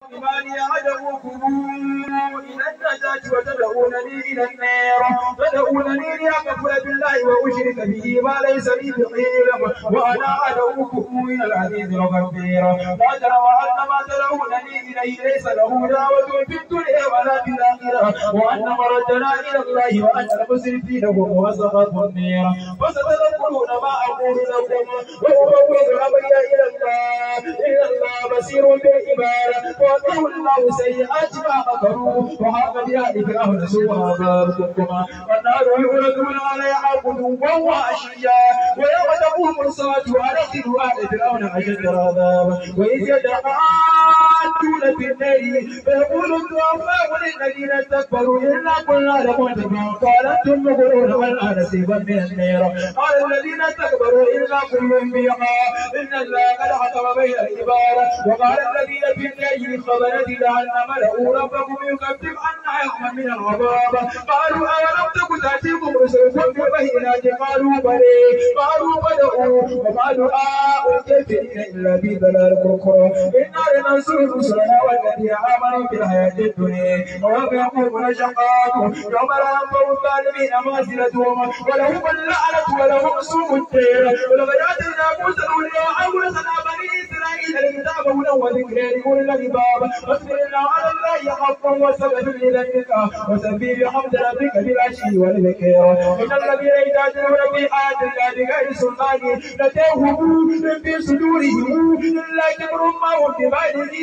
إيماني عدم وكبور إلى النجاة وتدعونني إلى النار تدعونني لأكفر بالله وأشرك به ما ليس لي بقيل وأنا عدوكم من العزيز الغفير لا جرم أن ما تدعونني إليه ليس له دعوة في الدنيا ولا في الآخرة وأن مردنا إلى الله وأن المسرفين هم وسخط النير فستذكرون ما أقول لكم وأبوض أمري إلى الله إلى الله بصير به وأنه الله سيئات ما مكروا وحاق بها إكراه سوء عذابكما والنار يولدون عليها غدوا وعشيا ويوم تقوم الصلاة وأدخلوا آل فرعون أشد العذاب وإذ يدعى يقولون في النار فيقول الضعفاء للذين استكبروا إنا كنا لكم تبعا قال أنتم مغرون والآن نصيبا من النار قال الذين استكبروا إنا كل بيقا إن الله قد حكم بين العباد وقال الذين في النار لخبرت جهنم له ربكم يكذب عنا يوما من العذاب قالوا أولم تك تأتيكم رسلكم بالبينات قالوا بلي قالوا بدأوا وقالوا آه الكافرين إلا في ضلال كفر إنا لننصر الرسل الحسنى والذي عمل في الحياة الدنيا ويوم يقوم يوم لا ينفع ولهم اللعنة ولهم سوء الدين ولقد آتينا موسى بني إسرائيل الكتاب وذكر لأولي الألباب على الله عفوا وسبب إليك وسبي بحمد ربك بالعشي والذكر إن الذين يجادلون في آيات الله بغير سلطان لتوهم في صدورهم إلا كبر ما هم ببالغه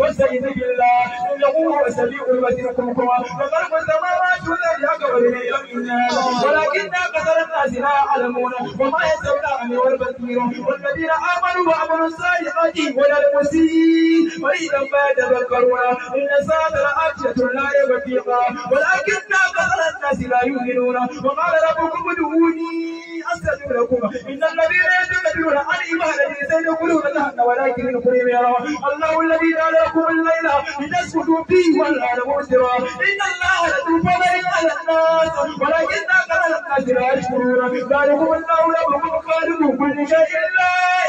واستعيذ بالله إنه هو السميع البصير وخلق السماوات والأرض أكبر من علمنا ولكن أكثر الناس لا يعلمون وما يستوي الأعمى والبصير والذين آمنوا وعملوا الصالحات ولا المسيء وإذا ما تذكرون إن هذا لآتية لا ريب فيها ولكن أكثر الناس لا يؤمنون وقال ربكم ادعوني أستجب لكم إن الذين يتكبرون عن عبادتي سيدخلون جهنم ولكن الكريم يرى الله الذي جعل لكم الليل لتسكتوا فيه والأرض مبصرا إن الله لذو فضل على الناس ولكن أكثر الناس لا يشكرون ذلكم الله ربكم خالق كل شيء لا